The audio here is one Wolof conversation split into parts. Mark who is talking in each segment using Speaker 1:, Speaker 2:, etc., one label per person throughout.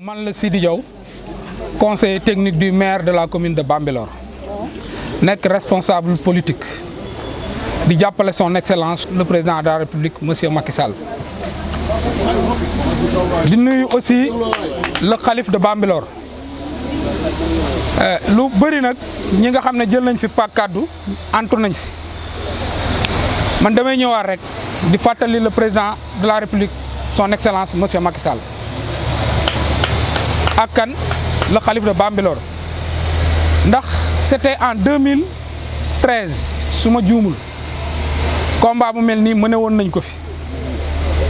Speaker 1: man Sidi Diaw conseiller technique du maire de la commune de Bambelor, Nek responsable politique di jàppale son excellence le président de la république monsieur Macky Sall di nuyu aussi le khalife de euh lu beuri nak ñi nga xam ne jël nañ fi pas cadeau antu nañ ci man damay ñëwaat rek di fatali le président de la république son excellence monsieur Macky Sall ak kan le khalife de Bambilor ndax c'était en 2013 sumo ma combat bu melni mëne won nañ ko fi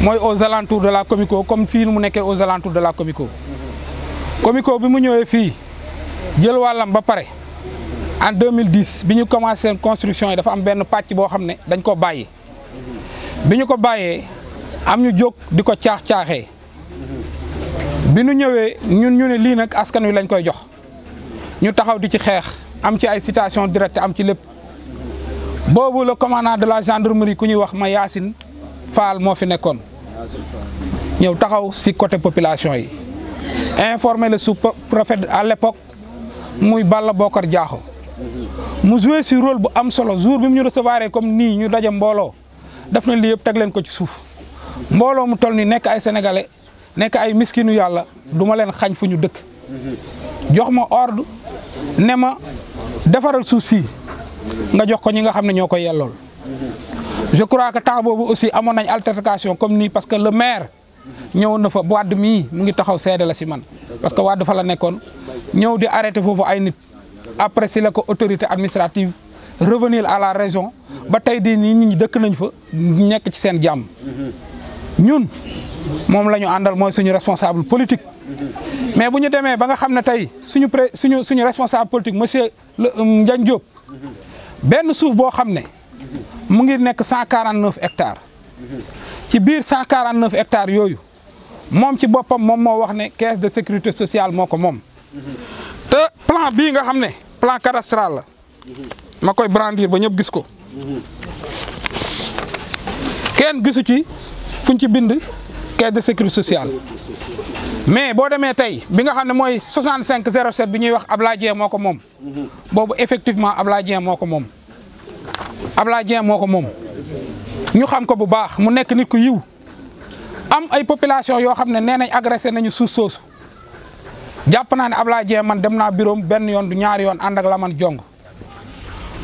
Speaker 1: moy aux alentours de la Comico comme fi mu nekké aux alentours de la Comico Comico bi mu ñëwé fi jël walam ba paré en 2010 bi ñu commencé construction yi dafa am benn pàcc boo xam ne dañ ko bàyyi bi ñu ko bàyyee am ñu jóg diko tiax tiaxé biñu ñëwé ñun ñu né li nak askan wi lañ koy jox ñu taxaw di ci xex am ci ay citation directe am ci lepp bobu le commandant de la gendarmerie ku ñuy wax ma yassine Fall mo fi nekkoon ñew taxaw si côté population yi informé le sous-préfet à l'époque muy Balla Bokar Diakho mu joué si rôle bu am solo jour bi mu ñu recevoir comme nii ñu daje mbooloo def na lii teg leen ko ci suuf mbooloo mu toll nii nekk ay sénégalais nekk ay miskinu yàlla duma leen xañ fu ñu dëkk jox ma ordre ne ma defaral suuf si nga jox ko ñi nga xam ne ñoo koy yellool je crois que temps boobu aussi amoon nañ altercation comme nii parce que le maire ñëwoon na fa wàdd mii mu ngi taxaw seede la si man parce que wàdd fa la nekkoon ñëw di arrêté foofu ay nit après c'est l'autorité administrative revenir à la raison ba tey di gens. Nous, responsables mais si nous sommes ba nga responsable politique monsieur euh, Ndiagne Diop Ben suuf mu hectares ci hectares caisse de sécurité sociale plan bii nga xam ne plan cadastral la ma koy brandir ba ñëpp gis ko kenn gisu ci fuñ ci bind caisse de sécurité sociale mais boo demee tey bi nga xam ne mooy 65 07 bi ñuy wax Ablaye Dieng moo ko moom boobu effectivement Ablaye Dieng moo ko moom Ablaye Dieng moo ko moom ñu xam ko bu baax mu nekk nit ku yiw am ay population yoo xam ne nee nañ agressé nañu suuf soosu jàpp naa ne Ablaye Dieng man dem na birom ben yon du ñaar yon and ak la jong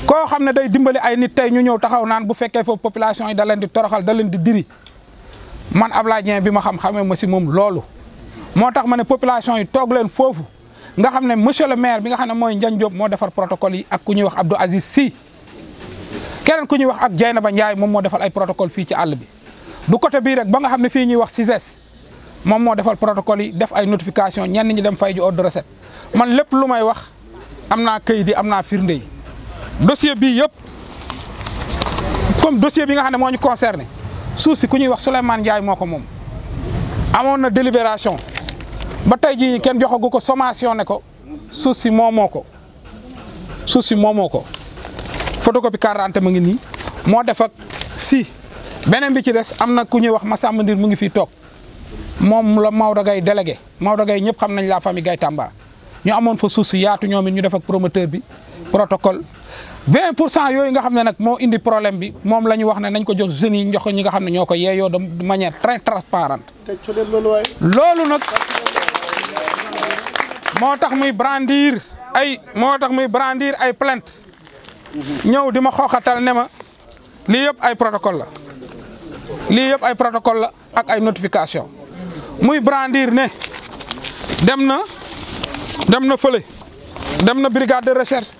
Speaker 1: ko xam day dimbali ay nit tay ñu ñew taxaw naan bu fekkee fo population yi da leen di toroxal da leen di diri man Ablaye Dieng bi ma xam xamee ma ci mom lolu motax mané population yi tok leen fofu nga xam monsieur le maire bi nga xam moy mooy job mo defar protocole yi ak ku ñuy wax Abdou Aziz si keneen ku ñuy wax ak Dieynaba Ndiaye mom mo defal ay protocole fi ci all bi du côté bi rek ba nga fi ñuy wax mom mo defal protocole def ay notification ñenn ñi dem fay ju ordre de recette man lepp lu may wax amna naa kayit firnde dossier bi yep comme dossier bi nga xamne ne ñu concerné souci ku ñuy wax Souleymane Ndiaye moko mom amon na délibération ba tay ji ken ko sommation ne ko souci momoko souci momoko photocopie quarante ma ngi ni mo def ak si benen bi ci dess amna ku ñuy wax sam Ndir mu ngi fi tok moom la Maodo Gaye délégué Maodo Gaye ñëpp xam nañ la famille gay Tamba ñu amoon fa suuf yaatu ñoom it ñu def ak promoteur bi protocole vingt pour cent yooyu nga xam ne nag moo indi problème bi moom la ñu wax ne nañ ko jox jeunes yi njox nga xam ne ñoo ko yeeyoo de manière très transparente loolu nag moo tax muy brandir ay moo tax muy brandir ay plainte ñëw di ma xooxatal ne ma lii yëpp ay protocole la lii yëpp ay protocole la ak ay notification muy brandir ne dem na dem na dem na brigade de recherche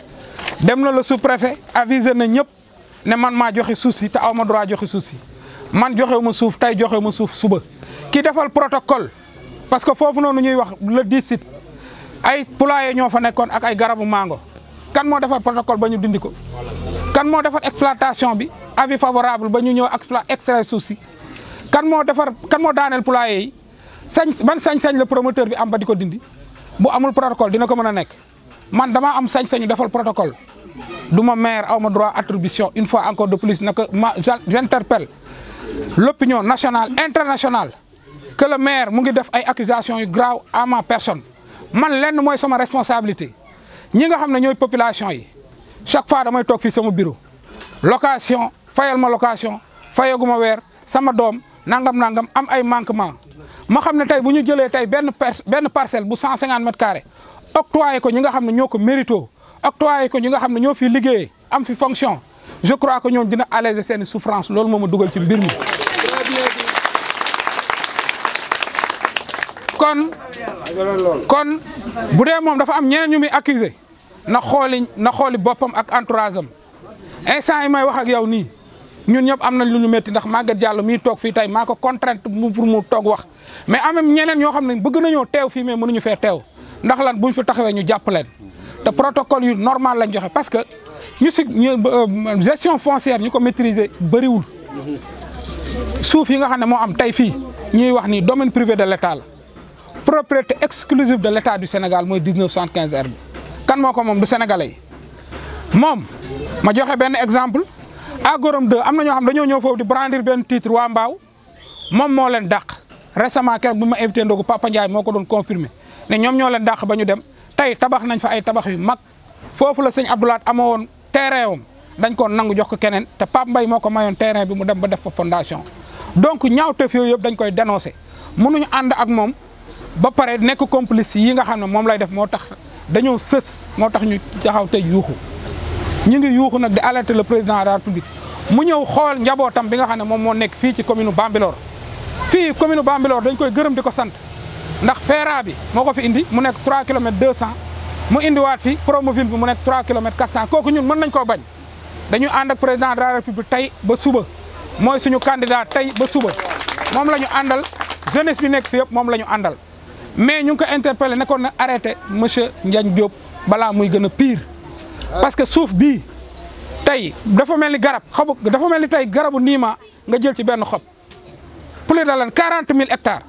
Speaker 1: dem na le sous-préfet avisé na ñëpp ne man ma joxe souci ta te droit joxe souci man joxewu ma suuf tey joxewu ma suuf suba ki defal protocole parce que fofu nonu ñuy wax le 17 ay poulailler ño fa nekkon ak ay garabu mango kan mo defar protocole bañu ñu dindi ko kan mo defar exploitation bi avis favorable bañu ñu ñëw extra extrait suuf kan mo defar kan mo daanel poulailler yi sañ man sañ-sañ la promoteur bi am ba di ko dindi bu amul protocole dina ko mën a nekk man damaa am sañ-sañu defal protocole du ma maire aw ma droit atribution une fois encore de plus naka ma j'interpelle l'opinion nationale internationale que maire mu ngi def ay accusations yu grave à ma personne man lenn mooy sama responsabilité ñi nga xam ne ñooy population yi chaque fois damay toog fii sama bureau location fayal ma location fayaguma weer sama doom nangam-nangam am ay manquement ma xam ne tey bu ñu jëlee tey benn pers benn parcelle bu 150 mètres carrés octroyé ko ñi nga xam ne ñoo ko mérito octroyé ko ñi nga xam ne ñoo fi liggéeye am fi fonction je crois que ñoom dina alléger seen souffrance loolu moo ma dugal ci mbir mi. kon kon bu dee moom dafa am ñeneen ñu mi accuser na xooli na xooli boppam ak entourage am instant yi may wax ak yow nii. ñun ñëpp am nañ lu ñu metti ndax Maguette Diallo mi toog fii tey maa ko contrainte pour mu toog wax mais am ñeneen ñoo xam ne bëgg nañoo teew fii mais mënuñu fee teew ndax lan buñ fi taxawee ñu jàpp te protocole yu normal lañ joxe parce que ñu si euh, gestion foncière ñu ko maîtriser bëriwul suuf yi nga xam ne moo am tey fii ñuy wax ni domaine privé de l'état la propriété exclusive de l'état du Sénégal mooy 1975 R bi kan moo ko moom du sénégalais yi ma joxe benn exemple. Agorom 2 am na ñoo xam dañoo ñëw foofu di brandir benn titre waa Mbaaw moom moo leen dàq récemment keroog bi ma invité ndogu Papa Ndiaye moo ko doon confirmé ne ñoom ñoo leen dàq ba ñu dem tey tabax nañ fa ay tabax yu mag foofu la sëñ Abdoulaat amoo woon terrain wam dañ koon nangu jox ko keneen te Pape mbay moo ko mayoon terrain bi mu dem ba def fa fondation donc te yooyu yëpp dañ koy dénoncé mënuñu ànd ak moom ba pare nekk complice yi nga xam ne moom lay def moo tax dañoo sës moo tax ñu taxaw tey yuuxu ñu ngi yuuxu nag di alerter le président de la république mu ñëw xool njabootam bi nga xam ne moom moo nekk fii ci commune Bambilor fii commune Bambilor dañ koy gërëm di ko sant ndax feera bi moo ko fi indi mu nekk 3 kilomètres 200 mu indiwaat fi Promoville bi mu nekk 3 kilomètres 400 kooku ñun mën nañ koo bañ dañu ànd ak président de république tey ba suba mooy suñu candidat tey ba suba moom la ñu àndal jeunesse bi nekk fi yëpp moom la ñu àndal mais ñu ngi ko interpellé nekkoon na arrêté monsieur Ndiagne Diop balaa muy gën a pire. parce que suuf bii tey dafa mel ni garab xabu dafa mel ni tey garabu niima nga jël ci benn xob plus de lan quarante mille hectares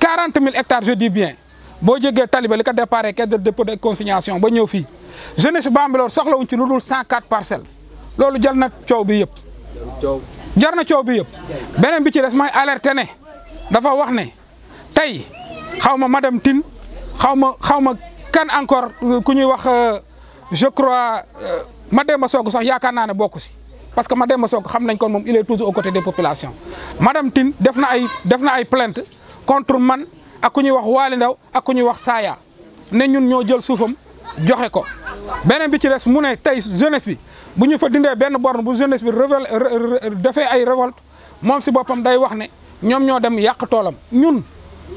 Speaker 1: quarante mille hectares je bien boo jegee taliba li ko déparé caisse de dépôt et consignation ba ñëw fii jeunesse Bambilor soxlawuñ ci lu dul cent quatre parcelles loolu jël na coow bi yëpp jar na coow bi yëpp beneen bi ci des may alerté ne dafa wax ne tey xaw ma madame Tine xaw ma xaw ma kan encore ku ñuy wax euh, je crois euh, Mademba Sonko sax yakarna naa ne bokk si parce que Madame Sonko xam nañ kon mom il est toujours aux côtés des populations madame Tine defna ay defna ay plainte contre man ak ku wax Waly Ndaw ak ku wax Saya ne ñun ñoo jël soufam joxé ko benen bi ci res mu ne tay jeunesse bi bu ñu fa dindé benn borne bu jeunesse bi révol défé ay révolte mom ci bopam day wax ne ñom ñoo dem yak tolam ñun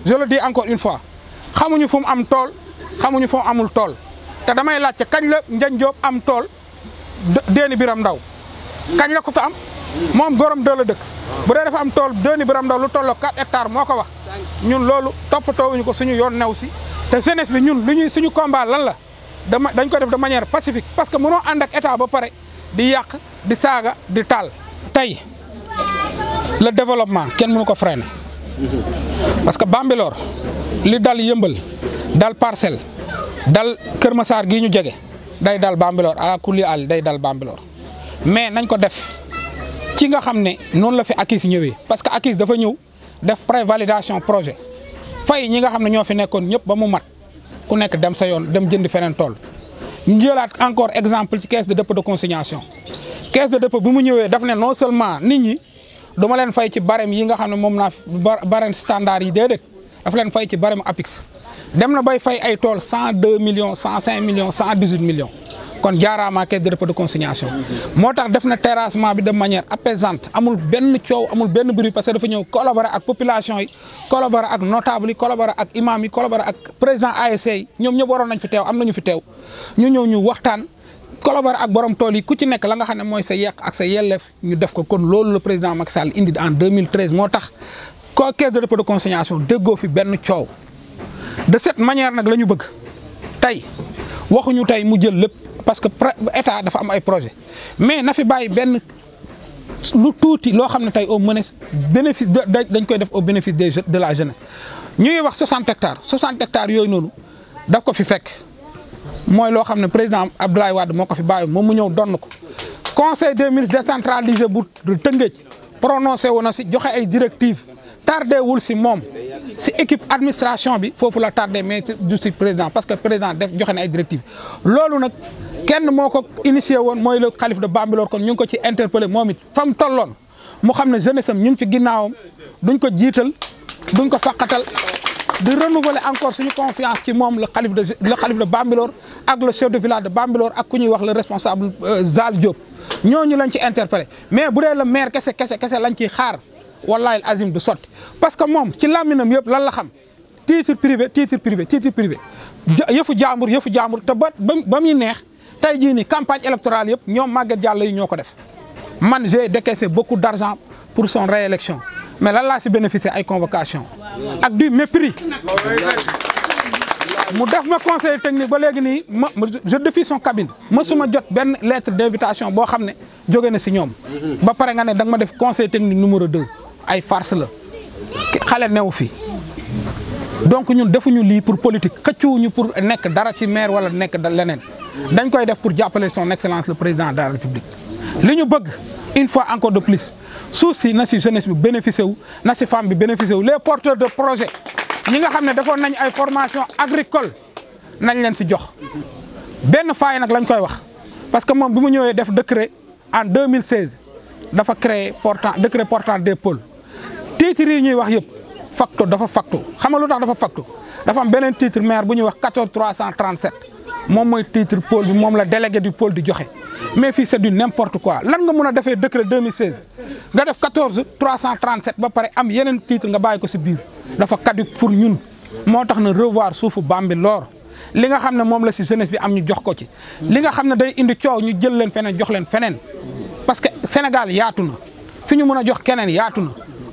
Speaker 1: je le dis encore une fois xamuñu fu am tol xamuñu fu amul tol té damay laajte kañ la Ndiagne job am tol Déni Biram Ndaw kañ la ko fa am mom gorom do la dëkk bu dé dafa am tol Déni Biram Ndaw lu tolloo 4 hectares moko wax ñun loolu toppatoowuñu ko suñu yoon newsi té jeunesse bi ñun lu ñuy suñu combat lan la dañ ko def de manière pacifique parce que mëno and ak état ba pare di yaq di saga di tal tay le développement ken mënu ko freiner parce que Bambilor li dal yëmbal dal parcelle dal Kër Massar gii ñu jege day dal bambiloor ala kulli àll day dal Bambilor mais nañ ko def ci nga xam ne noonu la fi ACIS ñëwee parce que ACIS dafa ñëw def prévalidation projet fay ñi nga xam ne ñoo fi nekkoon ñëpp ba mu mat ku nekk dem sa yoon dem jënd feneen tool ñu jëlaat encore exemple ci caisse de dépôt de consignation caisse de dépôt bu mu ñëwee daf ne non seulement nit ñi du leen fay ci barème yi nga xam ne moom naa barème standard yi déedéet daf leen fay ci barème APIX dem na bay fay ay tool cent deux million cent cinq millions cent dix huit kon jaaraama caisse de dépôt de consignation moo tax def na terrassement bi de manière apaisante amul benn coow amul benn bruit parce que dafa ñëw collaborer ak population yi collaborer ak notable yi collaborer ak imaam yi collaborer ak président ASC yi ñoom ñëpp waroon nañ fi teew am nañu fi teew ñu ñëw ñu waxtaan collaborer ak borom tool yi ku ci nekk la nga xam ne mooy sa yeq ak sa yelleef ñu def ko kon loolu la président Macky Sall indi en 2013 moo tax caisse de dépôt de déggoo fi benn coow de cette manière nag la ñu bëgg tey waxuñu tey mu jël lépp parce que état dafa am ay projet mais na fi bàyyi benn lu tuuti loo xam ne tey au mënees bénéfice dañ koy def au bénéfice des de la jeunesse ñu wax 60 hectares 60 hectare yooyu noonu daf ko fi fekk mooy loo xam ne président Abdoulaye Wade moo ko fi bàyyi moom mu ñëw donn ko conseil des ministres décentralisé bu Tëngéej prononcé wu na si joxe ay directives. tardé wul si mom si équipe administration bi fofu la tarder mais du si président parce que président def joxe ay directive lolou nak kenn moko initier won moy le calife de Bambilor kon ñu ko ci interpellé momit fam fa mu xamné jeunesse am ñu ngi ci duñ ko jital duñ ko fakatal de renouveler encore suñu confiance ci mom le calife de le calife de Bambilor ak le chef de village de Bambilor ak ku ñuy wax le responsable euh, Zal Diop ñu lañ ci interpellé mais bu dee le maire ce qu'est-ce lañ ci xaar wallahi azim du sotti parce que mom ci laminam yëpp lan la xam titre privé titre privé titre privé yëfu jaambur yëfu jaambur te ba ba neex tey jii ni campagne électorale yëpp ñom Maguette Diallo yi ñoko def man j'ai décaissé beaucoup d'argent pour son réélection mais lan la ci bénéficier ay convocation ak du mépris mu def ma conseil technique ba légui ni je défie son cabinet ma suma ma jot ben lettre d'invitation bo xamné ne na ci ñom ba paré nga né danga ma def conseil technique numéro deux ay farce la xalé newu fi donc ñun defuñu li pour politique xëccuwuñu pour nek dara ci maire wala nek lenen dañ koy def pour appeler son excellence le président de la république li ñu bëgg une fois encore de plus Souci, si na si jeunesse bi bénéficié wu na femme bi les porteurs de projet ñi nga xam ne nañ ay formation agricole nañ leen ci jox ben faay nak lañ koy wax parce que mom bi mu def décret en 2016 dafa créer portant décret portant des pôles titre yi ñuy wax yëpp facto dafa facto xam nga lu tax dafa facto dafa am beneen titre bu ñuy wax 14 337 moom mooy titre pol bi moom la délégué du pôle di joxe mais fii c'est du n'importe quoi lan nga mën a defee décret 2016 nga def 14 337 ba pare am yeneen titre nga bàyyi ko si biir dafa kaddu pour ñun moo tax na revoir suufu loor li nga xam ne moom la si jeunesse bi am ñu jox ko ci. li nga xam ne day indi coow ñu jël leen feneen jox leen feneen parce que Sénégal yaatu na fi ñu mën a jox keneen yaatu na.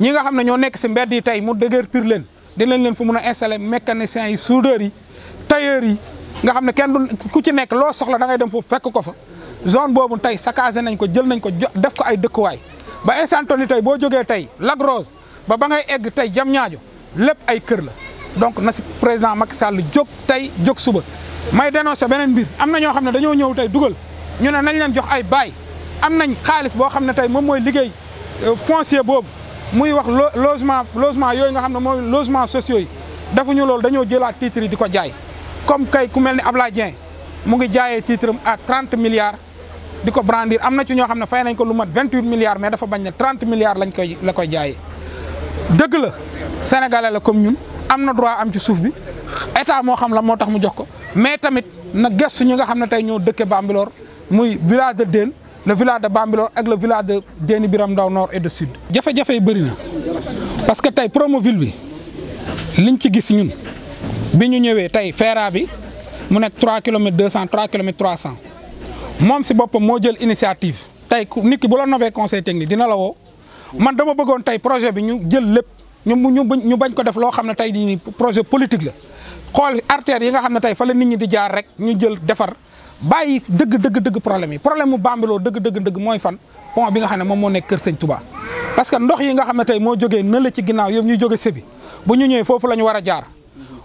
Speaker 1: ñi nga xam ne ñoo nekk si mbedd yi tey mu dëgër pir leen dinañ leen fu mun a installer mécaniciens yi soudeurs yi tailleurs yi nga xam ne kenn du ku ci nekk loo soxla da ngay dem foofu fekk ko fa zone boobu tey saccagé nañ ko jël nañ ko def ko ay dëkkuwaay ba instantoni tey boo jogee tey Lac ba ba ngay egg tey jam ñaajo lépp ay kër la donc na si président Macky Sall jóg tey jóg suba may dénoncé beneen mbir am na ñoo xam ne dañoo ñëw tey dugal ñu ne nañ leen jox ay bail am nañ xaalis boo xam ne tey moom mooy liggéey euh, foncier boobu muy wax logement logement yooyu nga xam ne mooy logement sociaux yi defuñu loolu dañoo jëlaat titres di ko jaay comme kay ku mel ni Ablaye Dieng mu ngi jaayee titre am à 30 di ko brandir am na ci ñoo xam ne fay nañ ko lu mat 28 milliards mais dafa bañ ne 30 milliards lañ koy la koy jaayee dëgg la sénégalais la comme ñun am na droit am ci suuf bi état moo xam la moo tax mu jox ko mais tamit na gëstu ñi nga xam ne tey ñoo dëkke Bambilor muy village Dén le village de Bambilor ak le village de Deni Biram Daw nord et de sud jafé jafé yi bëri na parce que tay promo ville bi liñ ci gis ñun biñu ñëwé tay Fera bi mu nek 3 km 200 3 km 300 mom si boppam mo jël initiative tey nit ki bu la nové conseil technique dina la wo man dama bëggon tay projet bi ñu jël lepp ñu ñu ñu bañ ko def lo xamne tay di projet politique la xol artère yi nga xamne tay fa la nit ñi di jaar rek ñu jël défar bayyi deug deug deug problème yi problème mu bambiloo deug deug deug moy fan pont bi nga xamne mom mo nek keur seigne Touba parce que ndox yi nga xamne tay mo joge jógee na la ci ginnaaw yom ñuy joge sebi bu ñu ñewé fofu lañu wara jaar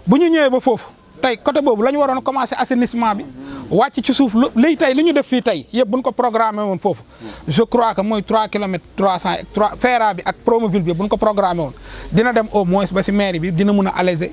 Speaker 1: bu ñu ñewé ba fofu tay côté bobu lañu waron commencer assainissement bi wacc ci souf lay tay liñu def fi tay yeb buñ ko programmer won fofu je crois que moy 3 km 300 3 ferra bi ak Promoville bi buñ ko programmer won dina dem au moins ba ci maire bi dina mëna a alléger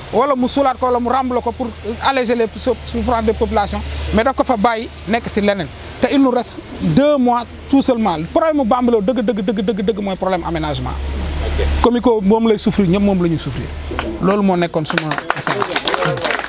Speaker 1: wala mu suulaat ko wala mu rembler ko pour alléger les souffrances de population mais daf ko fa bàyyi nekk si leneen te il nous reste deux mois tout seulement problème mu Bambilor dëgg dëgg dëgg dëgg dëgg mooy problème aménagement comico moom lay souffrir ñëpp moom la ñuy souffrir loolu moo nekkoon suma